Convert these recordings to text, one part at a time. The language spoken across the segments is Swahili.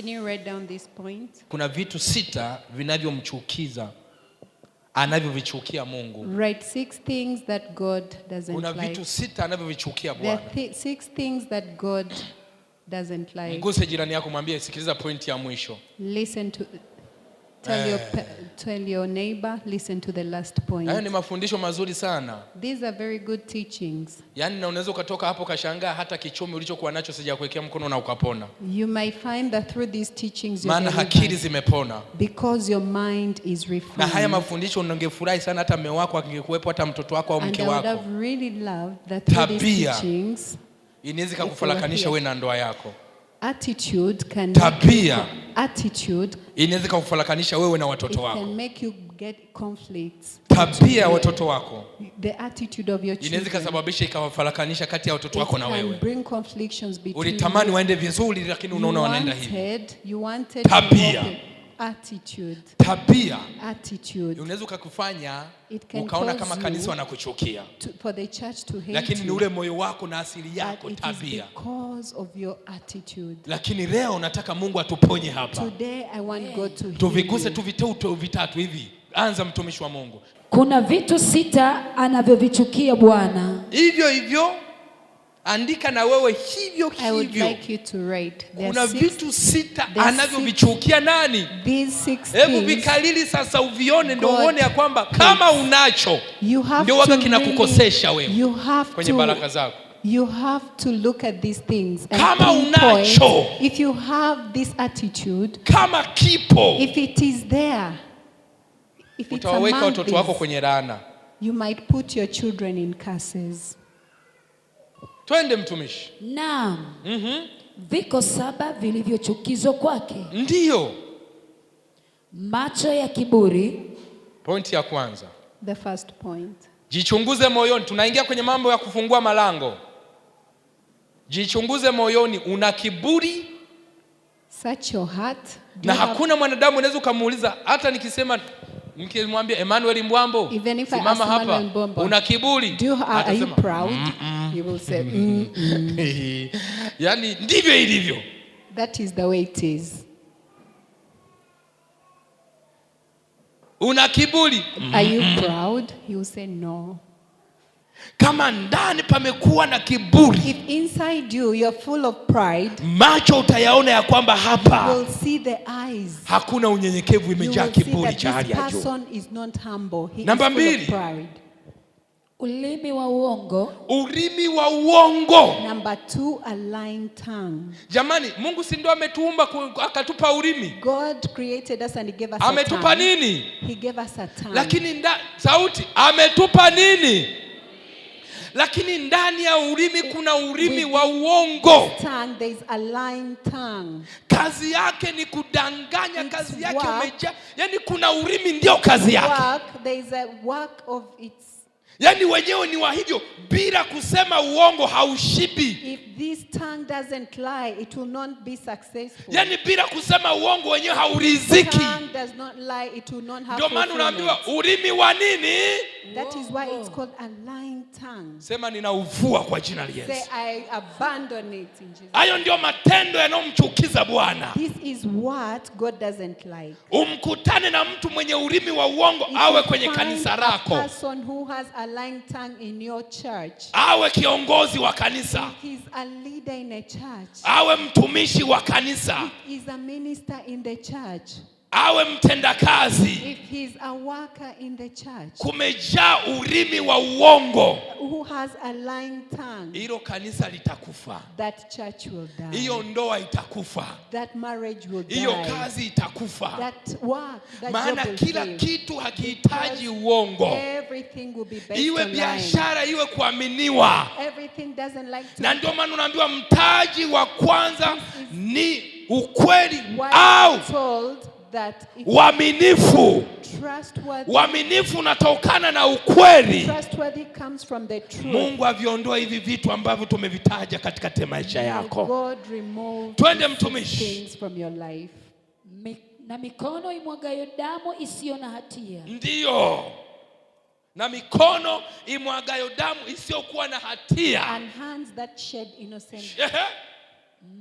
Can you write down this point? Kuna vitu sita vinavyomchukiza anavyovichukia Mungu. Write six things that God doesn't like. Kuna vitu sita anavyovichukia Bwana. six things that God doesn't like. Mguse jirani yako mwambie, sikiliza point ya mwisho. Listen to Tell your, eh. tell your neighbor, listen to the last point. Hayo ni mafundisho mazuri sana. These are very good teachings. Yaani na unaweza ukatoka hapo kashangaa hata kichomi ulichokuwa nacho sijakuwekea mkono na ukapona. You may find that through these teachings you Maana akili zimepona. Because your mind is refined. Na haya mafundisho ungefurahi sana hata mume wako angekuwepo hata mtoto wako au mke wako. And I would have really loved that through these teachings. Inaweza kukufarakanisha wewe na ndoa yako. Attitude can Tabia. Attitude inaweza kukufarakanisha wewe na watoto wako. Tabia ya watoto wako inaweza kusababisha ikawafarakanisha kati ya watoto wako na wewe. Ulitamani waende vizuri, lakini unaona wanaenda hivi. Tabia attitude. Tabia attitude. Unaweza ukakufanya ukaona kama kanisa wanakuchukia, lakini ni ule moyo wako na asili yako, tabia. Lakini leo nataka Mungu atuponye hapa, tuviguse, vitatu hivi. Anza mtumishi wa Mungu. Kuna vitu sita anavyovichukia Bwana, hivyo hivyo Andika na wewe hivyo hivyo. kuna vitu sita anavyovichukia nani? Hebu vikalili sasa, uvione ndio uone ya kwamba kama unacho ndio waga kinakukosesha wewe kwenye baraka zako. You have to look at these things and kama unacho, if you have this attitude, kama kipo, if it is there, if utawaweka watoto wako kwenye laana, you might put your children in curses. Twende mtumishi. Naam. mm -hmm. Viko saba vilivyochukizwa kwake, ndiyo macho ya kiburi. Pointi ya kwanza, the first point, jichunguze moyoni. Tunaingia kwenye mambo ya kufungua malango. Jichunguze moyoni, una kiburi Such your heart. na hakuna mwanadamu unaweza ukamuuliza, hata nikisema mkimwambia Emmanuel Mbwambo, simama hapa, una kiburi, atasema You mm, mm. will say mm, Yani ndivyo ilivyo, that is the way it is. Una kiburi, are you proud? You say no. Kama ndani pamekuwa na kiburi, if inside you you are full of pride, macho utayaona ya kwamba hapa you will see the eyes, hakuna unyenyekevu, imejaa kiburi cha hali ya juu. is not humble He Namba mbili, ulimi wa uongo. Ulimi wa uongo. Number two, a lying tongue. Jamani, Mungu si ndo ametuumba akatupa ulimi. God created us and he gave us a tongue. Ametupa nini? He gave us a tongue. Lakini nda, sauti ametupa nini? lakini ndani ya ulimi kuna ulimi wa uongo. Kazi yake ni kudanganya, kazi yake umeja yani kuna ulimi ndio kazi yake Yaani wenyewe ni wa hivyo, bila kusema uongo haushibi. If this tongue doesn't lie, it will not be successful. Yaani bila kusema uongo wenyewe hauriziki does not lie, it will not have Ndio maana unaambiwa ulimi wa nini? That is why it's called a lying tongue. Sema ninauvua kwa jina la Yesu. Say I abandon it in Jesus. Hayo ndio matendo yanayomchukiza Bwana. This is what God doesn't like. Umkutane na mtu mwenye ulimi wa uongo If awe kwenye kanisa lako. A person who has a lying tongue in your church. Awe kiongozi wa kanisa. He is a leader in a church. Awe mtumishi wa kanisa. He is a minister in the church awe mtendakazi, kumejaa urimi wa uongo, hilo kanisa litakufa, hiyo ndoa itakufa, hiyo kazi itakufa. maana kila kitu hakihitaji uongo, iwe biashara iwe kuaminiwa, like na ndio maana unaambiwa mtaji wa kwanza ni ukweli au Uaminifu uaminifu unatokana na ukweli. Mungu aviondoa hivi vitu ambavyo tumevitaja katika maisha yako. Twende mtumishi na mikono imwagayo damu isiyo na hatia. Ndiyo, na mikono imwagayo damu isiyokuwa na hatia. And hands that shed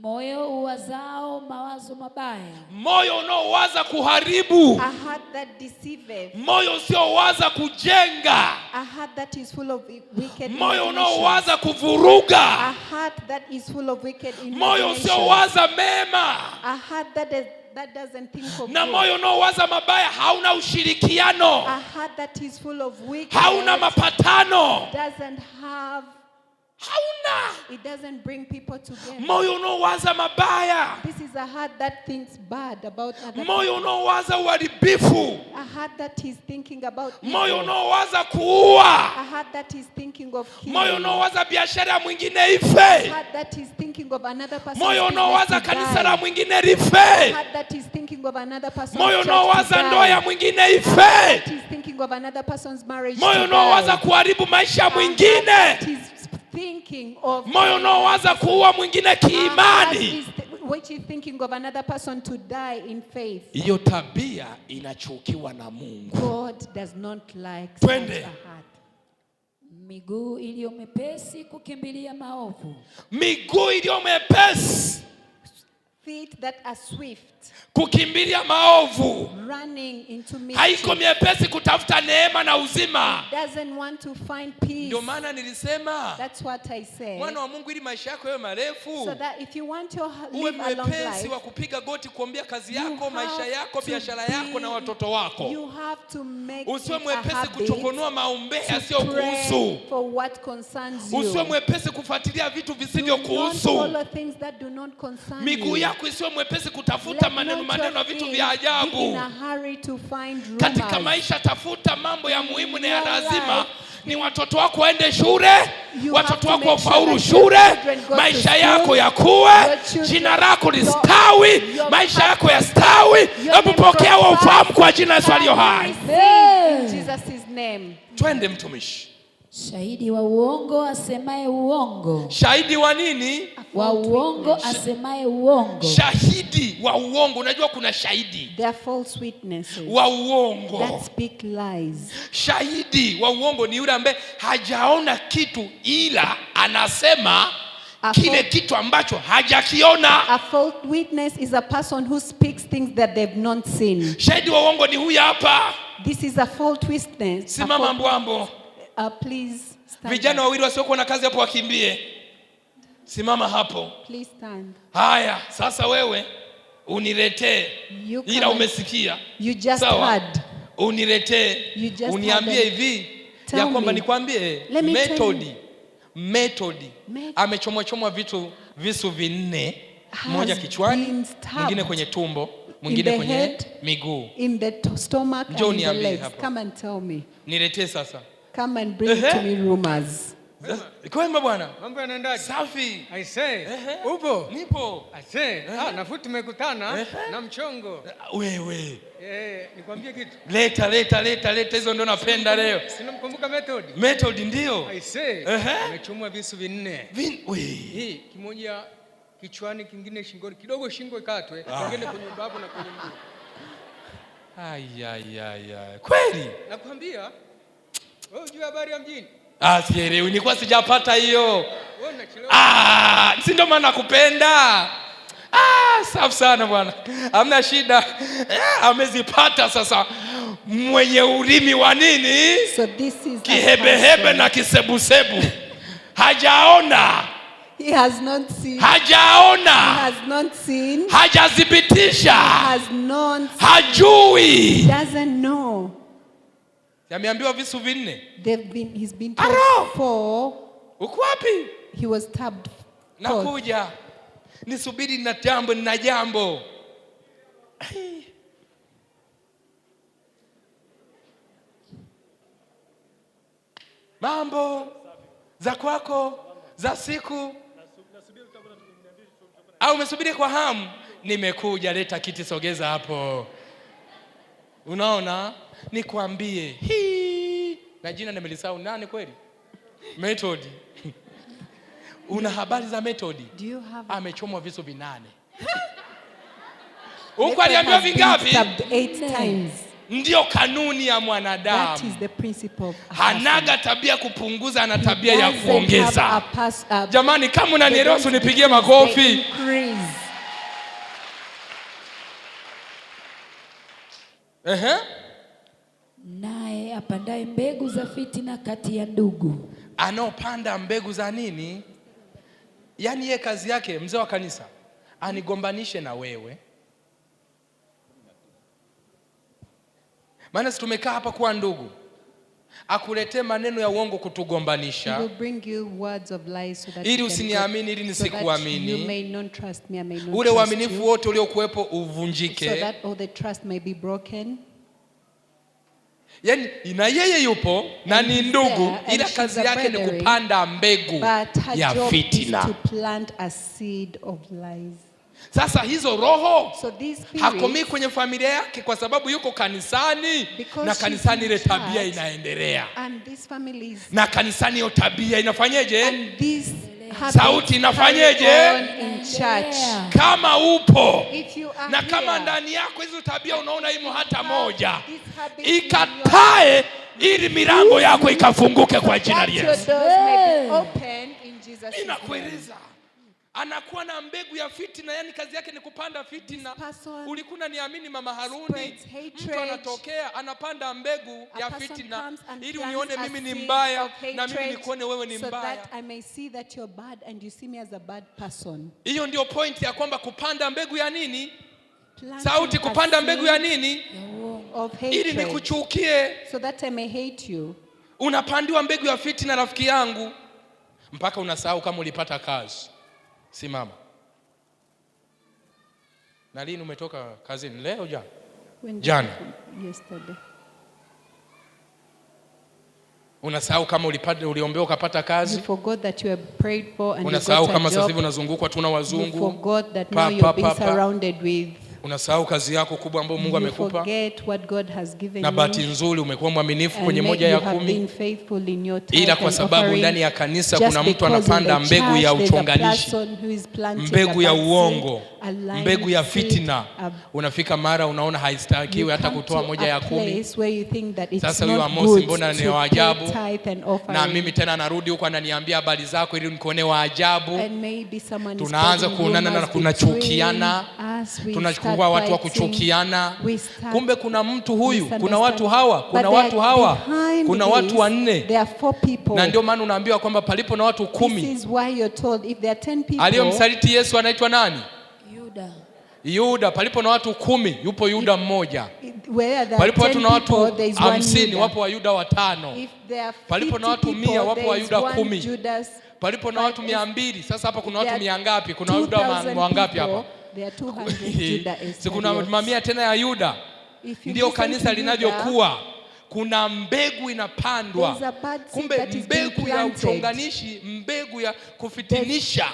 Moyo uwazao mawazo mabaya, moyo unaowaza kuharibu, a heart that deceives, moyo usiowaza kujenga, a heart that is full of wicked, moyo unaowaza kuvuruga, a heart that is full of wicked, moyo usiowaza mema, a heart that is That doesn't think of na moyo unaowaza mabaya hauna ushirikiano, a heart that is full of wicked, hauna mapatano, doesn't have hauna It doesn't bring people together. moyo unaowaza mabaya, This is a heart that thinks bad about other moyo people. unaowaza uharibifu, A heart that is thinking about moyo evil. unaowaza kuua, A heart that is thinking of moyo killing. unaowaza biashara mwingine ife A heart that is thinking of another person. moyo unaowaza kanisa la mwingine A heart that is thinking of another person moyo church to unaowaza ndoa ya mwingine ife, a heart That is thinking of another person's marriage moyo to die. unaowaza kuharibu maisha mwingine, moyo unaowaza kuua mwingine kiimani, hiyo tabia inachukiwa na Mungu. Twende miguu iliyo mepesi kukimbilia maovu, miguu iliyo mepesi, feet that are swift kukimbilia maovu, haiko miepesi kutafuta neema na uzima. Ndio maana nilisema mwana wa Mungu, ili maisha yako yawe marefu, uwe mwepesi wa kupiga goti kuombea kazi yako, maisha yako, biashara yako na watoto wako. Usiwe mwepesi kuchokonua maombea yasiyokuhusu. Usiwe mwepesi kufuatilia vitu visivyokuhusu. Miguu yako isiwe mwepesi kutafuta maneno maneno ya vitu vya ajabu katika maisha. Tafuta mambo ya muhimu na ya lazima ni watoto wako waende shule, watoto wako wafaulu shule, maisha yako yakuwe, jina lako listawi, maisha yako yastawi. Hebu pokea wa ufahamu kwa jina la Yesu aliyo hai. Twende mtumishi. Shahidi wa uongo asemaye uongo. Shahidi wa nini? Wa uongo asemaye uongo. Shahidi wa uongo, unajua kuna shahidi false witnesses wa uongo that speak lies. Shahidi wa uongo ni yule ambaye hajaona kitu ila anasema A kile kitu ambacho hajakiona. A false witness is a person who speaks things that they've not seen. Shahidi wa uongo ni huyu hapa. This is a false witness. Simama mbwambo Uh, please stand. Vijana wawili wasiokuwa na kazi hapo wakimbie. Simama hapo. Please stand. Haya, sasa wewe uniletee ila umesikia. You just Sawa. heard. Uniletee uniambie hivi ya kwamba nikwambie methodi methodi amechomwa chomwa vitu visu vinne, moja kichwani, mwingine kwenye tumbo, mwingine kwenye miguu. Njoo niambie hapo. Niletee sasa. Come and bring uh -huh. to me rumors. Kwema bwana. Mambo yanaendaje? Safi. I say. Upo? Nipo. I say. Ah, na futi tumekutana na mchongo. Eh, wewe. Eh, nikwambie kitu. Leta leta leta leta hizo ndo napenda leo. Sinamkumbuka method. Method ndio. I say. Amechomwa visu vinne. Vin. Hii kimoja kichwani, kingine shingoni, kidogo shingo ikatwe, kingine ah. kwenye mbavu na kwenye mguu. Ai ai ai ai. Kweli? Nakwambia. Wewe unajua habari ya mjini? Ah, sielewi. Nilikuwa sijapata hiyo. Ah, si ndio maana nakupenda. Ah, safi sana bwana. Hamna shida. Ah, amezipata sasa mwenye ulimi wa nini? So this is kihebehebe na kisebusebu hajaona He has not seen. Hajaona. He has not seen. Hajathibitisha. He has not seen. Hajui. He doesn't know. Ameambiwa visu vinne. They've been he's been told Uko wapi? He was stabbed. Nakuja. Nisubiri na jambo na jambo. Mambo za kwako za siku au umesubiri kwa hamu? Nimekuja, leta kiti, sogeza hapo. Unaona, nikwambie hii na jina nimelisahau, nani kweli? Method una habari za Method a... amechomwa visu vinane huku aliambiwa vingapi? Ndiyo kanuni ya mwanadamu. Hanaga tabia kupunguza, na tabia ya kuongeza. Jamani, kama unanielewa, unipigie makofi. Ehe. Naye apandaye mbegu za fitina kati ya ndugu, anaopanda mbegu za nini? Yaani ye kazi yake, mzee wa kanisa, anigombanishe na wewe. Maana si tumekaa hapa kuwa ndugu akuletee maneno ya uongo kutugombanisha, ili usiniamini, ili nisikuamini, ule uaminifu wote uliokuwepo uvunjike. Yani, na yeye yupo na ni ndugu, ila kazi yake ni kupanda mbegu ya fitina. Sasa hizo roho so hakomii kwenye familia yake kwa sababu yuko kanisani, na kanisani ile tabia inaendelea, na kanisani hiyo tabia inafanyeje? Sauti inafanyeje? Kama upo na kama ndani yako hizo tabia unaona imo hata moja, ikatae ili milango yako ikafunguke kwa jina la Yesu. Ninakueleza anakuwa na mbegu ya fitina, yani kazi yake ni kupanda fitina. Ulikuwa niamini mama Haruni, mtu anatokea anapanda mbegu ya fitina ili unione mimi ni mbaya na mimi nikuone wewe ni mbaya. Hiyo ndio point ya kwamba kupanda mbegu ya nini? Planting sauti, kupanda mbegu ya nini? ili nikuchukie, so that I may hate you. Unapandiwa mbegu ya fitina, rafiki yangu, mpaka unasahau kama ulipata kazi Simama. Na lini umetoka kazini? Leo jana? Jana. Unasahau kama ulipata uliombewa ukapata kazi. Unasahau kama sasa hivi unazungukwa tu na wazungu. Unasahau kazi yako kubwa ambayo Mungu amekupa, na bahati nzuri umekuwa mwaminifu kwenye moja ya kumi, ila kwa sababu ndani ya kanisa kuna mtu anapanda mbegu ya uchonganishi, mbegu ya uongo mbegu ya fitina, unafika mara unaona haistakiwi hata kutoa moja ya kumi. Sasa huyo Amosi, mbona ni wa ajabu? Na mimi tena narudi huko, ananiambia habari zako ili nikuone wa ajabu. Tunaanza kuonana na kunachukiana, tunachukua watu wa kuchukiana. Kumbe kuna mtu huyu, kuna watu hawa, kuna watu hawa, kuna watu wanne, na ndio maana unaambiwa kwamba palipo na watu kumi. Aliyomsaliti Yesu anaitwa nani? Yuda. Yuda palipo na watu kumi yupo Yuda mmoja. Palipo watu na watu hamsini wapo Wayuda watano. Palipo na watu mia wapo Wayuda kumi. Palipo na watu mia mbili sasa hapa kuna watu mia ngapi? Kuna Wayuda wangapi hapa? kuna mamia tena ya Yuda. ndiyo kanisa linavyokuwa. Kuna mbegu inapandwa. Kumbe mbegu ya uchonganishi, mbegu ya kufitinisha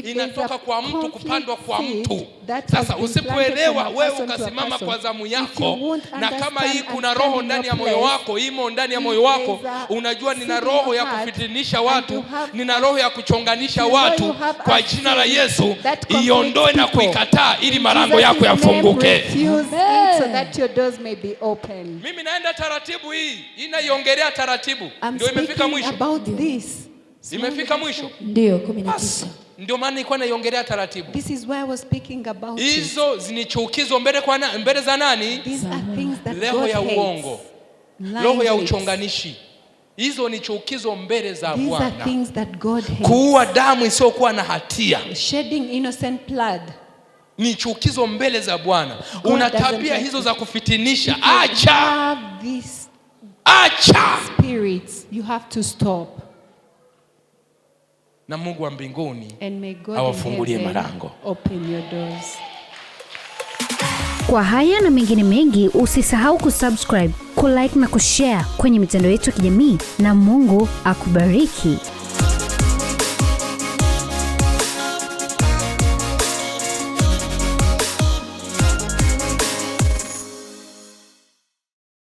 inatoka kwa mtu kupandwa kwa mtu. Sasa usipoelewa wewe ukasimama kwa zamu yako, na kama hii kuna roho ndani ya moyo wako, imo ndani ya moyo wako, unajua nina roho ya kufitinisha watu, nina roho ya kuchonganisha watu, kwa jina la Yesu iondoe na kuikataa, ili malango yako yafunguke. Mimi naenda taratibu, hii inaiongelea taratibu, ndio imefika mwisho, imefika mwisho, ndio 19. Ndio maana nilikuwa naiongelea taratibu. hizo zinichukizo mbele kwa na, mbele za nani? roho ya uongo, roho ya uchonganishi hizo ni chukizo mbele za Bwana. Kuua damu isiyokuwa na hatia ni chukizo mbele za Bwana. Una tabia hizo za kufitinisha, acha, acha na Mungu wa mbinguni awafungulie malango. Kwa haya na mengine mengi, usisahau kusubscribe, kulike na kushare kwenye mitandao yetu ya kijamii, na Mungu akubariki.